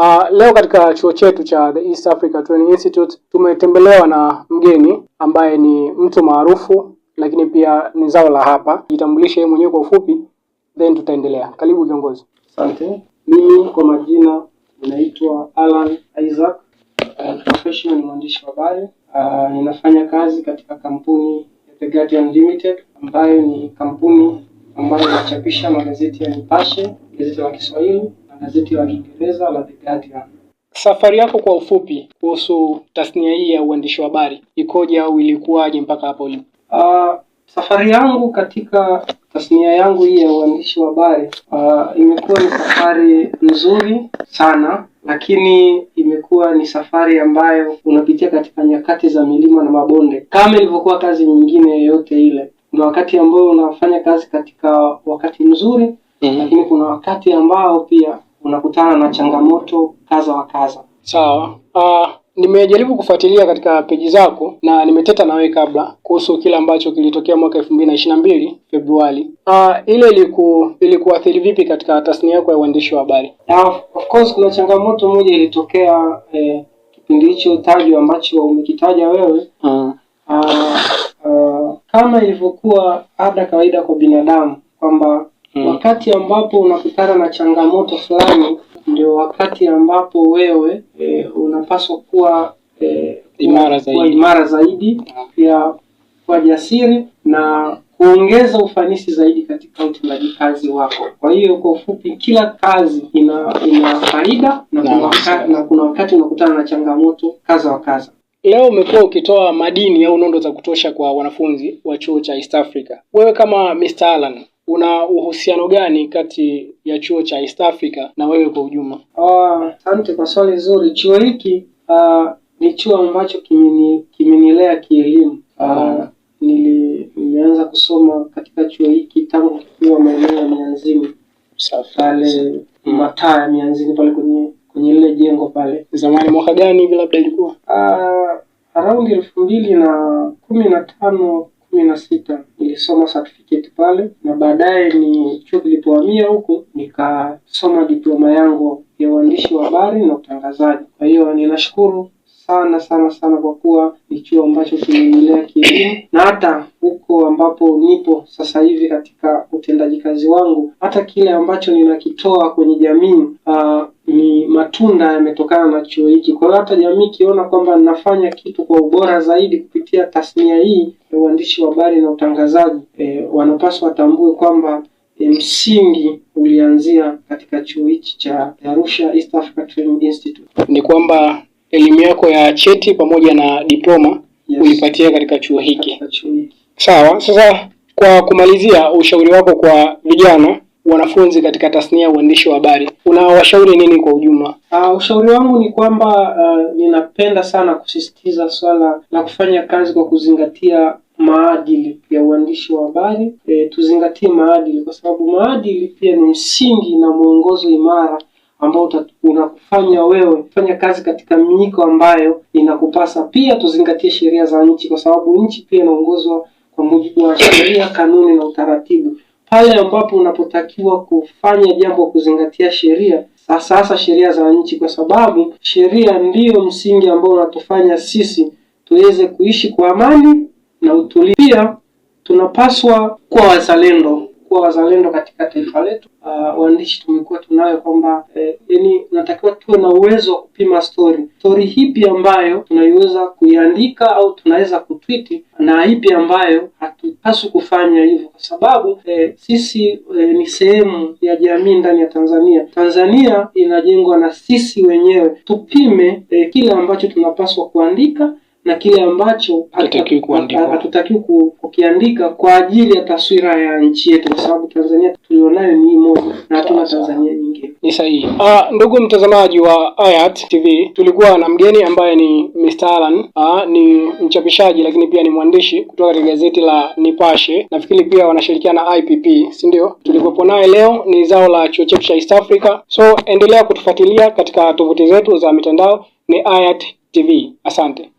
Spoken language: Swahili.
Uh, leo katika chuo chetu cha The East Africa Training Institute tumetembelewa na mgeni ambaye ni mtu maarufu lakini pia ni zao la hapa. Jitambulishe yeye mwenyewe kwa ufupi, then tutaendelea. Karibu kiongozi. Asante. Mimi kwa majina ninaitwa Alan Isaac. Eh, Profession ni mwandishi wa habari. Uh, ninafanya kazi katika kampuni ya The Guardian Limited ambayo ni kampuni ambayo inachapisha magazeti ya Nipashe, gazeti la Kiswahili gazeti la Kiingereza la The Guardian. Safari yako kwa ufupi kuhusu tasnia hii ya uandishi wa habari ikoje au ilikuwaje mpaka hapo ulipo? Uh, safari yangu katika tasnia yangu hii ya uandishi wa habari uh, imekuwa ni safari nzuri sana, lakini imekuwa ni safari ambayo unapitia katika nyakati za milima na mabonde, kama ilivyokuwa kazi nyingine yoyote ile. Kuna wakati ambao unafanya kazi katika wakati mzuri, mm -hmm. Lakini kuna wakati ambao pia unakutana na changamoto kadha wa kadha. Sawa. Uh, nimejaribu kufuatilia katika peji zako na nimeteta wewe kabla kuhusu kile ambacho kilitokea mwaka elfu mbili na ishirini na mbili Februari. Uh, ile iliku- ilikuathiri vipi katika tasnia yako ya uandishi wa habari? Uh, of course kuna changamoto moja ilitokea eh, kipindi hicho tajwa ambacho umekitaja wewe uh. Uh, uh, kama ilivyokuwa ada kawaida kwa binadamu kwamba Hmm. Wakati ambapo unakutana na changamoto fulani ndio wakati ambapo wewe e, unapaswa kuwa e, imara zaidi, kuwa imara zaidi pia kuwa jasiri na kuongeza ufanisi zaidi katika utendaji kazi wako. Kwa hiyo kwa ufupi, kila kazi ina ina faida na kuna wakati, na kuna wakati unakutana na changamoto kaza wa kaza Leo umekuwa ukitoa madini au nondo za kutosha kwa wanafunzi wa chuo cha East Africa. Wewe kama Mr. Alan una uhusiano gani kati ya chuo cha East Africa na wewe kwa ujumla? Ah, asante kwa swali zuri. Chuo hiki uh, ni chuo ambacho kimenielea kielimu. Uh, nili, nilianza kusoma katika chuo hiki tangu kuwa maeneo ya Mianzini pale mataa ya Mianzini pale kwenye kwenye lile jengo pale. Zamani mwaka gani hivi labda ilikuwa? Uh, araundi elfu mbili na kumi na tano kumi na sita nilisoma certificate pale, na baadaye ni chuo kilipohamia huko nikasoma diploma yangu ya uandishi wa habari na utangazaji. Kwa hiyo ninashukuru sana sana sana, kwa kuwa ni chuo ambacho kimeendelea kielimu, na hata huko ambapo nipo sasa hivi katika utendaji kazi wangu, hata kile ambacho ninakitoa kwenye jamii uh, ni matunda yametokana na chuo hiki. Kwa hiyo hata jamii ikiona kwamba ninafanya kitu kwa ubora zaidi kupitia tasnia hii ya uandishi wa habari na utangazaji, e, wanapaswa watambue kwamba eh, msingi ulianzia katika chuo hichi cha Arusha East Africa Training Institute. Ni kwamba elimu yako ya cheti pamoja na diploma yes, ulipatia katika chuo hiki. Sawa. Sasa kwa kumalizia, ushauri wako kwa vijana wanafunzi katika tasnia ya uandishi wa habari unawashauri nini kwa ujumla? Uh, ushauri wangu ni kwamba uh, ninapenda sana kusisitiza swala la kufanya kazi kwa kuzingatia maadili ya uandishi wa habari. E, tuzingatie maadili kwa sababu maadili pia ni msingi na mwongozo imara ambao unakufanya wewe kufanya kazi katika miiko ambayo inakupasa. Pia tuzingatie sheria za nchi, kwa sababu nchi pia inaongozwa kwa mujibu wa sheria, kanuni na utaratibu. Pale ambapo unapotakiwa kufanya jambo kuzingatia sheria, sasa hasa sheria za nchi, kwa sababu sheria ndiyo msingi ambao unatufanya sisi tuweze kuishi kwa amani na utulivu. Pia tunapaswa kuwa wazalendo kuwa wazalendo katika taifa letu. Uh, waandishi tumekuwa tunayo kwamba eh, yani natakiwa tuwe na uwezo wa kupima story, story hipi ambayo tunaiweza kuiandika au tunaweza kutwiti na hipi ambayo hatupaswi kufanya hivyo, kwa sababu eh, sisi eh, ni sehemu ya jamii ndani ya Tanzania. Tanzania inajengwa na sisi wenyewe. Tupime eh, kile ambacho tunapaswa kuandika na kile ambacho hatutakiwi kukiandika kwa ajili ya taswira ya nchi yetu, kwa sababu Tanzania tulionayo ni moja na hatuna Tanzania nyingine. Ni sahihi. Uh, ndugu mtazamaji wa Ayat TV, tulikuwa na mgeni ambaye ni Mr. Alan. Uh, ni mchapishaji lakini pia ni mwandishi kutoka katika gazeti la Nipashe, nafikiri pia wanashirikiana IPP, si ndio? Tulikuwepo naye leo, ni zao la chuo chetu cha East Africa. So endelea kutufuatilia katika tovuti zetu za mitandao, ni Ayat TV. Asante.